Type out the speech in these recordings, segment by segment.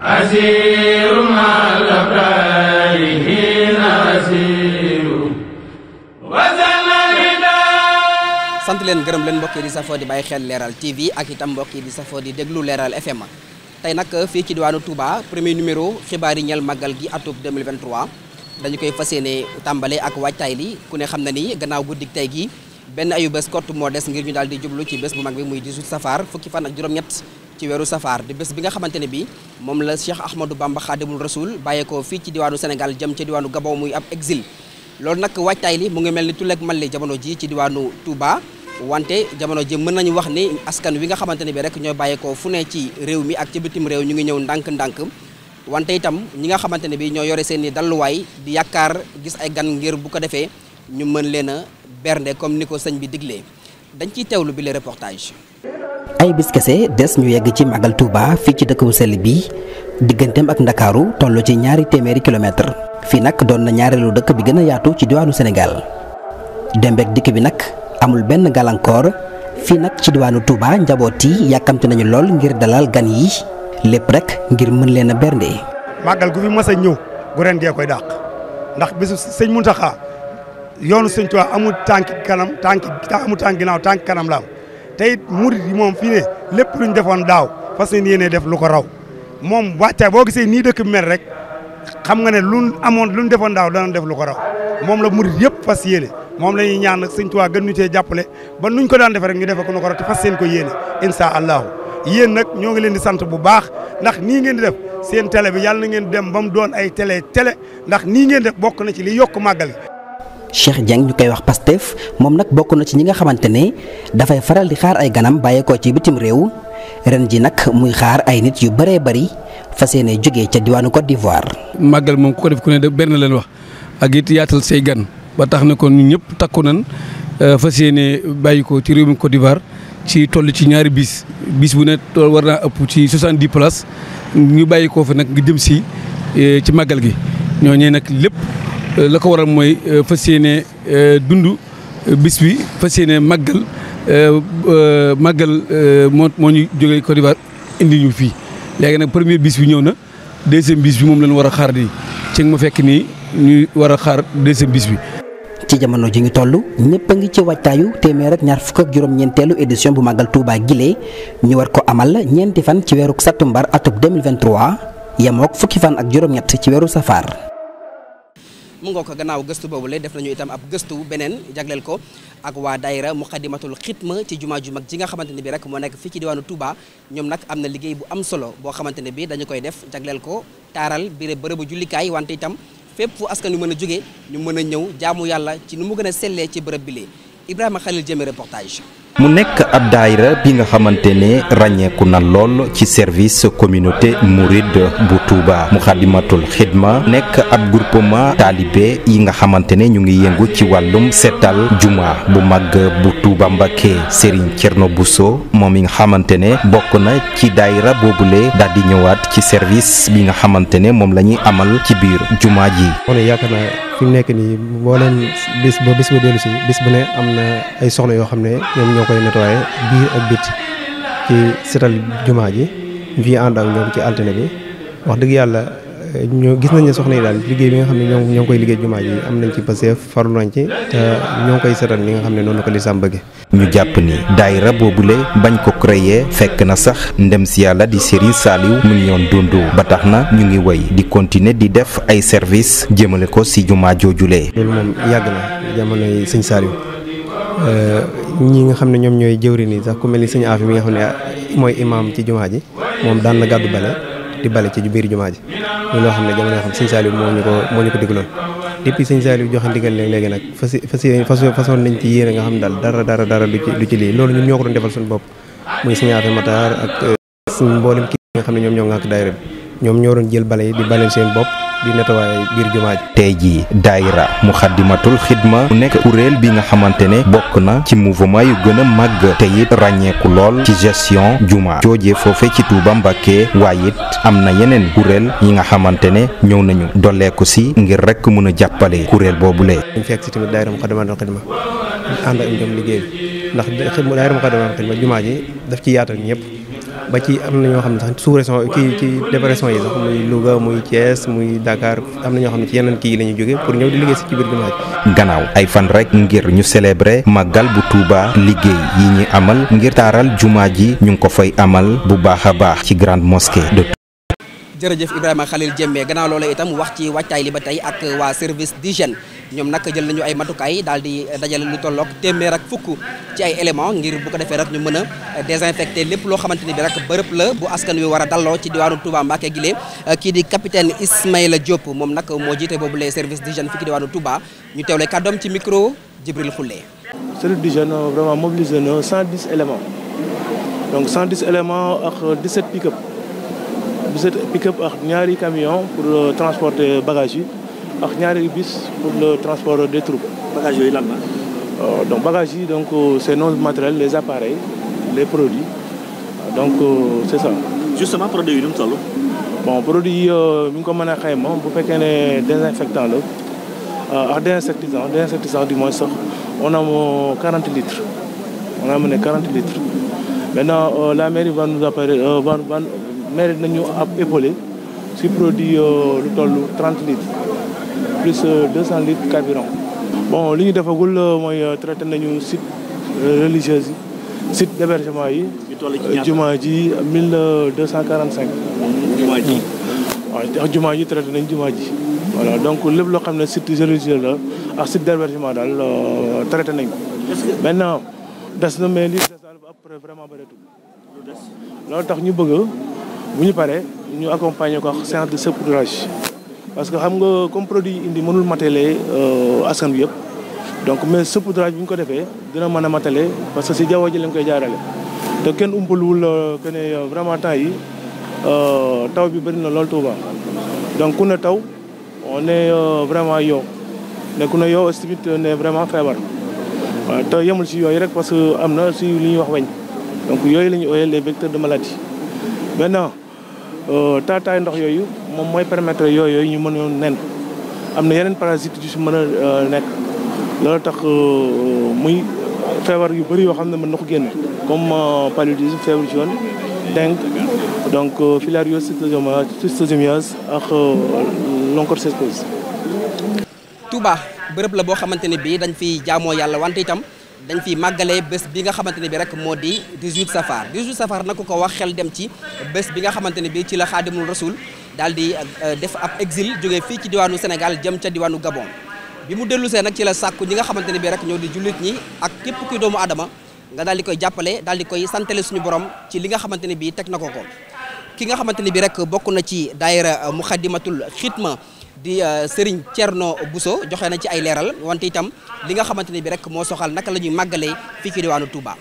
asiru mal abraari hiina asiru sant leen gërëm leen mbokk yi di safoo di bàyyi xel leeral TV ak itam mbokk yi di safoo di déglu leeral FM tey nag fii ci diwaanu Touba premier numéro xibaar yi ñeel màggal gi atub 2023 dañu koy fas yéene tàmbale ak waajtaay li ku ne xam na ni gannaaw guddik tey gi benn ayu bés kott moo des ngir ñu daal di jublu ci bés bu mag bi muy safaar fukki fan ak juróom-ñett ci weeru safaar di bés bi nga xamante ne bi moom la Cheikh Ahmadou Bamba Khadimul Rasoul bàyyeekoo fii ci diwaanu Sénégal jëm ci diwaanu Gabon muy ab exil loolu nag waajtaay li mu ngi mel ni tuleeg malli jamono ji ci diwaanu Touba wante jamono ji mën nañu wax ni askan wi nga xamante ne bi rek ñoo bàyyeekoo fu ne ci réew mi ak ci bitim réew ñu ngi ñëw ndànk-ndànk wante itam ñi nga xamante ne bi ñoo yore seen i dalluwaay di yaakaar gis ay gan ngir bu ko defee ñu mën leen a bernde comme ni ko sëñ bi diglee dañ ciy teewlu bi le ay bis kese des ñu yegg ci Magal Touba fii ci dëkk bu sell bi digganteem ak ndakaaru toll ci ñaari téeméeri kilomètre fii nag doon na ñaareelu dëkk bi gën a yaatu ci diwaanu Sénégal dembeek dikk bi nag amul benn gàllankoor fii nag ci diwaanu Touba njaboot yi yàkkamti nañu lool ngir dalal gan yi lépp rek ngir mën leen a bernde. Magal gu fi mas a ñëw gu ren gee koy dàq ndax bisu sëñ Mountakha yoonu sëñ Touba amul tànki kanam tànki amul tànk ginnaaw tànk kanam la te it murit moom fii ne lépp luñ defoon daaw fas yéene def lu ko raw moom wàccaay boo gisee nii dëkk bi rek xam nga ne luñ amoon luñ defoon daaw danañ def lu ko raw moom la murit yëpp fas yéene moom la ñuy ñaan nag sëñ Tuubaa gën ñu cee jàppale ba nuñ ko daan defee rek ñu defee ko nu ko raw te fas seen ko yéene incha allahu yéen nag ñoo ngi leen di sant bu baax ndax nii ngeen di def seen télé bi yàlla na ngeen dem ba mu doon ay tele tele ndax nii ngeen def bokk na ci li yokk màggal Cheikh Dieng ñu koy wax Pastef moom nag bokk na ci ñi nga xamante ne dafay faral di xaar ay ganam bàyyeekoo ci bitim réew ren ji nag muy xaar ay nit yu bëree bari fas yéene jógee ca diwaanu Côte d'Ivoire. màggal moom ku ko def ku ne de benn leen wax ak it yaatal say gan ba tax ne kon ñun ñëpp takku nan euh, fas yéene bàyyi ko ci réew mi Côte d'Ivoire ci toll ci ñaari bis bis bu ne war naa ëpp ci di places ñu bàyyi ko fi nag nga jëm si euh, ci màggal gi ñooñee nag lépp. Euh, la ko waral mooy euh, fas yéene euh, dund bis bi fas yéene maggal màggal moo moo ñu jógee Côte indi ñu fii léegi nag premier bis bi ñëw na deuxième bis bi moom lañu war a xaar nii ci ma fekk nii ñuy war a xaar deuxième bis bi. ci jamono ji ñu toll ñëpp a ngi ci waajtaayu téeméer ak ñaar fukk ak juróom-ñeenteelu édition bu màggal Touba Guilé ñu war ko amal ñeenti fan ci weeru sattumbar atub 2023 yemook fukki fan ak juróom-ñett ci weeru safaar. mu nga ko gannaaw gëstu boobu la def nañu itam ab gëstu beneen jagleel ko ak waa daayira muqaddimatul xidma ci jumaa ju mag ji nga xamante ne bi rek moo nekk fii ci diwaanu Touba ñoom nag am na liggéey bu am solo boo xamante ne bi dañu koy def jagleel ko taaral bi bire bërëbu jullikaay wante itam fépp fu askan wi mën a jóge ñu mën a ñëw jaamu yàlla ci ni mu gën a sellee ci bërëb bi lee Ibrahima Khalil jëme reportage mu nekk ab daayira bi nga xamante ne ràññeeku na lool ci service communauté mouride bu Touba Muxaddamatul Xidma nekk ab groupement taalibe yi nga xamante ne ñu ngi yëngu ci wàllum seetal juma bu mag bu Touba Mbacké Serigne Thierno Bousso moom yi nga xamante ne bokk na ci daayira boobule daal di ñëwaat ci service bi nga xamante ne moom lañuy amal ci biir juma ji. fi mu nekk nii boo leen bis ba bis ba dellu si bis bu ne am na ay soxla yoo xam ne ñoom ñoo koy nettoyé biir ak bit ci setal jumaa ji fii ànd ak ñoom ci altine bi wax dëgg yàlla ñoo gis nañ ne soxna yi daal liggéey bi nga xam ne ñoo ñoo ngi koy liggéey jumaa ji am nañ ci passeef farlu koy li nga xam ne noonu la ko lislaam bëgge ñu jàpp ni daayira boobule bañ ko créer fekk na sax ndem si yàlla di Serigne Saliou mu ngi ba tax na ñu ngi wéy di continuer di def ay service jëmale ko si jumaa joojulee loolu moom yàgg na jamonoy Serigne Saliou euh, ñi nga xam ne ñoom ñooy jëwri nii sax ku mel ni Serigne Afi mi nga xam ne mooy imam ci jumaa ji moom daan na gàddu bale di bale ci biir jumaa ji muy loo xam ne jamono xam sëñ moo ñu ko moo ñu ko digaloon depuis sëñ Saliou joxe ndigal léegi léegi nag façon nañ ci yéene nga xam ne dara dara du ci lii loolu ñun ñoo ko doon defal suñu bopp muy sëñ Afe ak euh, suñ mboolem kii nga xam ne ñoom ñoo ngànk daayira ñoom ñoo doon jël bale yi di bale seen bopp di nettoyer biir jumaa ji tey jii daayira Muxaddamatul Xidma mu nekk kuréel bi nga xamante ne bokk na ci mouvement yu gëna màgg te it ràññeeku lool ci gestion jumaa joojee foofe ci Tuuba Mbàkke waaye it am na yeneen kuréel yi nga xamante ne ñëw nañu dolleeku si ngir rek mën a jàppale kuréel boobu lee ñu fekk si tamit daayira Muxaddamatul Xidma ànd ak ndax daayira jumaa ji daf ci yaatal ñëpp ba ci am na ñoo xam ne sax sous région kii ci dépression yi sax muy Louga muy Thiès muy Dakar am na ñoo xam ne ci yeneen kii yi la ñu jóge pour ñëw di liggéey si ci biir jumaa ji gannaaw ay fan rek ngir ñu célébrer màggal bu Touba liggéey yi ñi amal ngir taaral jumaa ji ñu ngi ko fay amal bu baax a baax ci grande mosquée jërëjëf Ibrahima Khalil Jemme gannaaw loola itam wax ci wàccaay li ba tey ak waa service d'hygiène ñoom nag jël nañu ay matukaay daal di dajale lu tolloog téeméer ak fukk ci ay élément ngir bu ko defee rek ñu mën a désinfecté lépp loo xamante ni bi rek bërëb la bu askan wi war a dalloo ci diwaanu Touba Mbacké gile kii di capitaine Ismaïla Diop moom nag moo jiite boobu les service di fi ci diwaanu Touba ñu teewle kàddoom ci micro Djibril Khoulé. service d'hygiène vraiment mobilisé na 110 éléments donc 110 éléments ak 17 pick-up ak ñaari camion pour euh, transporter bagages yi ak ñaari bis pour le transport des troupes. bagages yooyu lan la. Euh, donc yi donc euh, c'est non matériel les appareils les produits donc c'est ça. justement produit yi nu mu toll. bon produit yi mi ngi ko mën a xayma bu fekkee ne désinfectant la ak désinsectisant désinsectisant du moins sax on a 40 litres on a amené 40 litres maintenant la mairie va nous appeler va va. mairie nañu ab épaulé si produit euh, lu toll 30 litres plus 200 euh, litres carburant. bon li ñu defagul euh, mooy traité nañu site religieuse yi site d'hébergement yi. jumaa ji 1245. jumaa ji. waaw jumaa ji traité nañ jumaa ji. voilà donc lépp loo xam ne site religieux la ak site d'hébergement daal traité nañ ko. maintenant des na mais li des daal ba après vraiment bëreetul. loolu tax ñu bëgg bu ñu paree ñu accompagner ko séance de saupoudrage parce que xam nga comme produit indi mënul matale euh, askan bi yëpp donc mais saupoudrage bi ñu ko defee dina mën a matale parce que si jaww ji lañ koy jaarale. te kenn umpaluwul euh, que ne euh, vraiment temps yi taw bi bëri na lool Touba donc ku ne taw on est vraiment yow ne ku ne yow aussi tamit ne vraiment feebar te yemul si yooyu rek parce que am na si li ñuy wax weñ donc yooyu la ñuy ooyee les vecteurs de maladie maintenant. Euh, taataay ndox yooyu moom mooy permettre yooyu ñu mën yoon nen am na yeneen parasites yu mën a euh, nekk loolu tax euh, muy feebar yu bëri yoo xam ne mën na ko génn comme paludisme fièvre jaune dengue donc filariose schistosomiase ak l'onchocercose Touba bërëb la boo xamante ne bii dañ fiy jaamoo yàlla wante itam dañ fi màggalee bés bi nga xamante ne bi rek moo di 18 safar 18 safar na ko ko wax xel dem ci bés bi nga xamante ne bi ci la xaadimul rasul dal di euh, def ab exil jógee fii ci diwaanu Sénégal jëm ca diwaanu Gabon bi mu dellu see nag ci la sàkku ñi nga xamante ne bi rek ñoo di jullit ñi ak képp kuy doomu adama nga daal di koy jàppale daal di koy santale suñu borom ci li nga xamante ne bi teg na ko ko ki nga xamante ne bi rek bokk na ci daayira euh, muxaddimatul xitma di euh, Serigne Thierno Bousso joxee na ci ay leeral wante itam li nga xamante ne bi rek moo soxal naka la ñuy màggalee fii ci diwaanu Touba.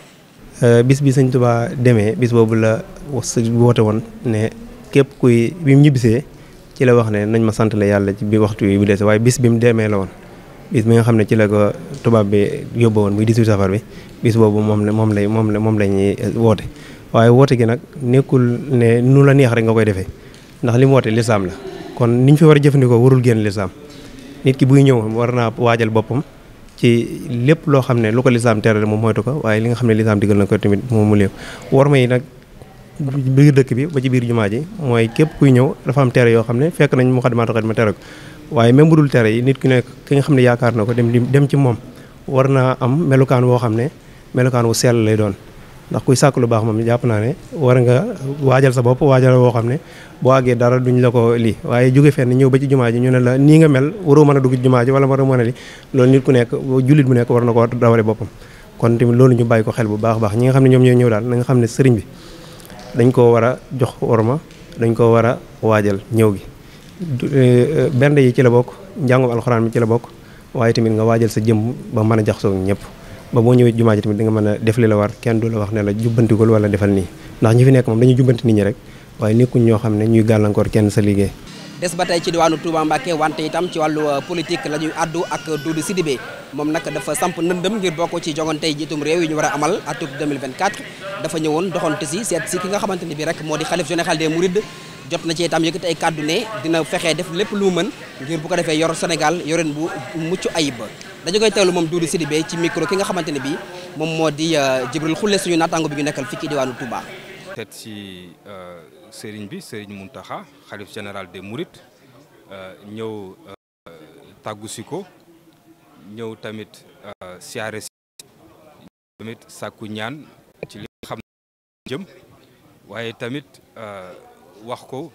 Euh, bis bi sëñ Touba demee bis boobu la wax woote woon ne képp kuy bi mu ci la wax ne nañ ma sant la ci bi waxtu bi dese waaye bis bi mu demee la woon. bis bi nga xam ne ci la tubaab bi yóbbu woon muy 18 safar bi bis boobu moom la moom lay moom la moom la ñuy euh, woote waaye woote gi nag nekkul ne nu la neex rek nga koy defee ndax li mu woote lislaam la. kon niñ fi war a jëfandikoo warul génn lislaam nit ki buy ñëw war naa waajal boppam ci lépp loo xam ne lu ko lislaam tere moom moytu ko waaye li nga xam ne lislaam digal na ko tamit moom mu lépp war ma yi nag biir dëkk bi ba ci biir jumaa ji mooy képp kuy ñëw dafa am tere yoo xam ne fekk nañ mu xadimaatu xadima tere ko waaye même bu dul tere yi nit ki nekk ki nga xam ne yaakaar na ko dem dem ci moom war naa am melukaan woo xam ne melukaan wu sell lay doon ndax kuy sàkk lu baax moom jàpp naa ne war nga waajal sa bopp waajal woo xam ne boo àggee dara duñ la ko lii waaye jóge fenn ñëw ba ci jumaa ji ñu ne la nii nga mel waroo mën a dugg ci jumaa ji wala waroo ma a li loolu nit ku nekk nekk war na ko dawale boppam kon tamit ñu bàyyi ko xel bu baax baax ñi nga xam ne ñoom ñooy ñëw daal na nga xam ne sëriñ bi dañ koo war a jox ma dañ koo war a waajal ñëw gi eh, eh, bernde yi ci la bokk njàngum alxuraan mi ci la bokk waaye tamit nga waajal sa jëm ba mën a jax jaxasoo ñëpp ba boo ñëwee jumaa ji tamit da nga mën a def li la war kenn du la wax ne la jubbantigul wala defal nii ndax ñi fi nekk moom dañuy jubbanti nit ñi rek waaye nekkuñ ñoo xam ne ñuy gàllankoor kenn sa liggéey des ba tey ci diwaanu Touba Mbacké wante itam ci wàllu euh, politique la ñuy àddu ak Doudou Sidibé moom nag dafa samp ndëndëm ngir bokk ci jongante jiitum réew yi ñu war a amal atub 2024 dafa ñëwoon doxante si seet si ki nga xamante ni bi moo di xalif général des jot na ci itam yëkkati ay kàddu ne dina fexe def lépp lu mën ngir bu ko defee yor Sénégal yoreen bu mucc ayib dañu koy teewlu moom Doudou Sidibé ci micro ki nga xamante ne bii moom moo di euh, Jibril Xulle suñu naataango bi ñu nekkal fii ci diwaanu Touba. seet si euh, Serigne bi Serigne Mountakha xalif général des Mourides euh, ñëw tàggu si ko ñëw tamit siyaare si tamit sàkku ñaan ci li waaye tamit. wax ko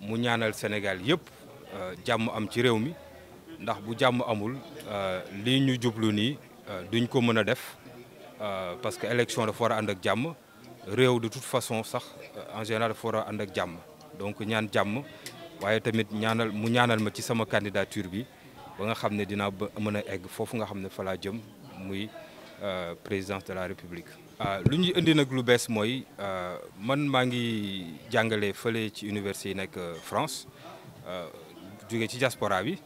mu ñaanal Sénégal yëpp euh, jàmm am ci réew mi ndax bu jàmm amul euh, lii ñu jublu nii euh, duñ ko mën a def parce que élection dafa war a ànd ak jàmm réew de toute façon sax en général dafa war a ànd ak jàmm donc ñaan jàmm waaye tamit ñaanal mu ñaanal ma ci sama candidature bi ba nga xam ne dinaa mën a egg foofu nga xam ne fa jëm muy présidence de la République Ah, lu ñuy indi nag lu bees mooy ah, man maa ngi jàngale fële ci université yi nekk euh, France ah, jóge ci diaspora bi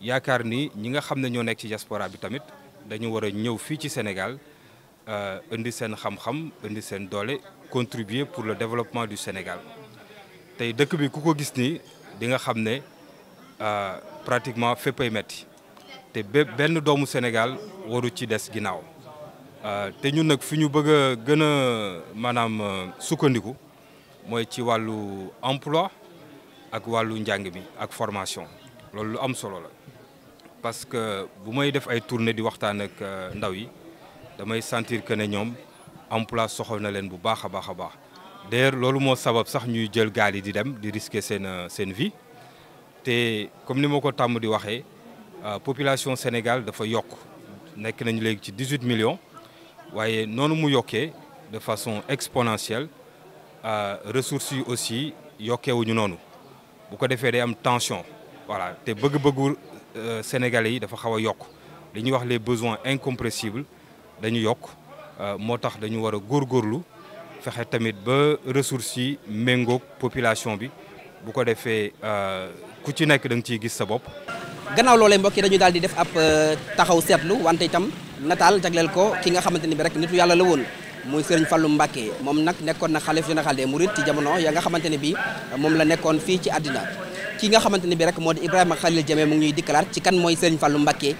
yaakaar ni ñi nga xam ne ñoo nekk ci diaspora bi tamit dañu war a ñëw fii ci Sénégal indi seen xam-xam indi seen doole contribuer pour le développement du Sénégal tey dëkk bi ku ko gis nii di nga xam ne pratiquement fépp metti te benn doomu Sénégal waru ci des ginnaaw Euh, te ñun nag fi ñu bëgg a gën a maanaam euh, sukkandiku mooy ci wàllu emploi ak wàllu njàng mi ak formation loolu lu am solo la parce que bu may def ay tournée di waxtaan ak euh, ndaw yi damay sentir que ne ñoom emploi soxal na leen bu baax a baax a baax d'ailleurs loolu moo sabab sax ñuy jël gaal yi di dem di risquer seen seen vie te comme ni ma ko tàmm di waxee population Sénégal dafa yokk nekk nañu léegi ci 18 millions waaye noonu mu yokkee de façon exponentielle euh, ressources yi aussi yokkeewuñu noonu bu ko defee day am tension voilà te bëgg-bëggu euh, sénégale yi dafa xaw a yokk li wax les besoins incompressibles dañu yokk euh, moo tax dañu war a góorlu fexe tamit ba ressources yi méngoog population bi bu ko defee ku ci nekk da nga ciy gis sa bopp. gannaaw loolee mbokki yi dañu daal di def ab taxaw seetlu wante itam. nataal jagleel ko ki nga xamante ni bi rek nitu yàlla la woon muy Serigne Fallou Mbacké moom nag nekkoon na xalif général des Mourides ci jamono ya nga xamante ne bi moom la nekkoon fii ci àddina ki nga xamante ni bi rek moo di Ibrahima Khalil jamee mu ngi ñuy dikkalaat ci kan mooy Serigne lu Mbacké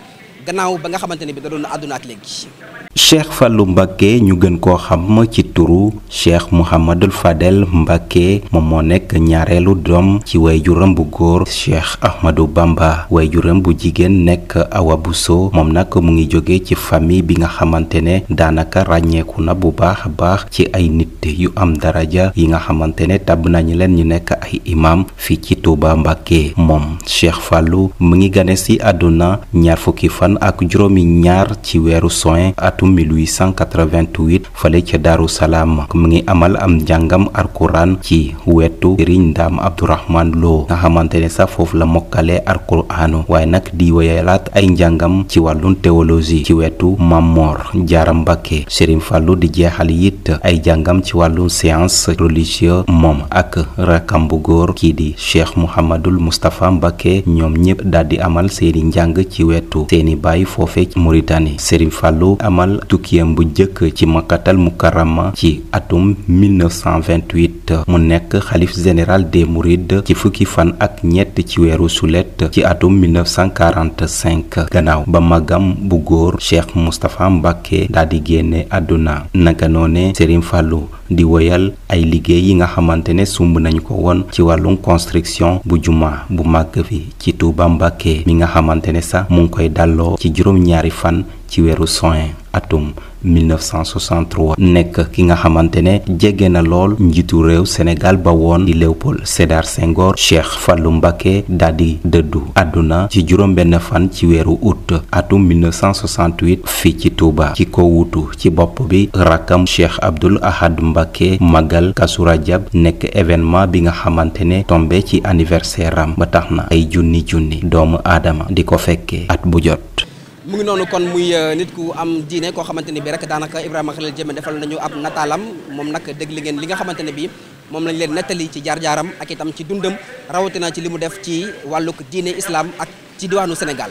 gannaaw ba nga xamante ne bi da doon àdduna ak léegi cheikh Fallou Mbacke ñu gën koo xam ci turu cheikh Mouhamadul Fadel Mbacke moom moo nekk ñaareelu doom ci waajuram bu góor cheikh Ahmadou Bamba waajuram bu jigéen nekk Awa Bousso moom nag mu ngi jóge ci famille bi nga xamante ne daanaka ràññeeku na bu baax a baax ci ay nit njiit yu am daraja yi nga xamante ne tàbb nañu leen ñu nekk ay imam fii ci Touba Mbacké moom Cheikh Fallou mu ngi gane si àdduna ñaar fukki fan ak juróomi ñaar ci weeru soin atum 1888 fale ca Daaru Salaam mu ngi amal am njàngam alquran ci wetu Sëriñ Ndaam Abdourahman loo nga xamante ne sax foofu la mokkale alquranu waaye nag di wéyalaat ay njàngam ci wàllum théologie ci wetu Mamor Jaara Mbacké Sëriñ Fallou di jeexal it ay jàngam ci ci wàllu séance religieux moom ak rakam bu góor kii di cheikh mouhamadul moustapha mbake ñoom ñëpp daal di amal seeni njàng ci wetu seeni baay foofe Mauritanie Serigne Fallou amal tukkiyam bu njëkk ci makkatal mukarama ci atum mu nekk xalif général des mourides ci fukki fan ak ñett ci weeru sulet ci atum 1945 gannaaw ba magam bu góor cheikh moustapha mbàkke daldi génne àdduna naka noone sëriñ fàllu di woyal ay liggéey yi nga xamante ne sumb nañu ko woon ci wàllum construction bu jumaa bu màgg fi ci tuuba mbàkke mi nga xamante ne sax mu ngi koy dalloo ci juróom-ñaari fan ci weeru juin atum 1963 nekk ki nga xamante ne jege na lool njiitu réew Sénégal ba woon di Léopold Sédar Senghor Cheikh Fallou Mbacké daldi dëddu àdduna ci juróom-benn fan ci weeru août atum 1968 fii ci Touba ki ko wuutu ci bopp bi rakkam Cheikh Abdoul Ahad Mbacké Magal Kazu Rajab nekk événement bi nga xamante ne tombé ci anniversaire ba tax na ay junni junni doomu aadama di ko fekkee at bu jot mu ngi noonu kon muy euh, nit ku am diine koo xamante ne bi rek daanaka Ibrahima Khalil Diémé defal nañu ab nataalam moom nag déglu ngeen li nga xamante ne bi moom lañ leen nettali ci jaar-jaaram ak itam ci dundam rawatina ci li mu def ci wàlluk diine islaam ak ci diwaanu Sénégal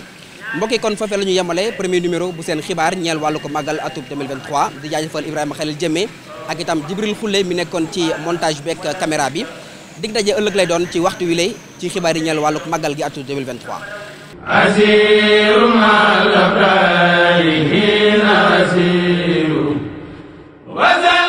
mbokk kon foofee la ñu yemale premier numéro bu seen xibaar ñeel wàllu ko màggal atub 2023 di jaajëfal Ibrahima Khalil Diémé ak itam Jibril Khoule mi nekkoon ci montage beeg caméra bi dig daje ëllëg lay doon ci waxtu wi lay ci xibaar yi ñeel wàllug màggal gi atub 2023 asiru ma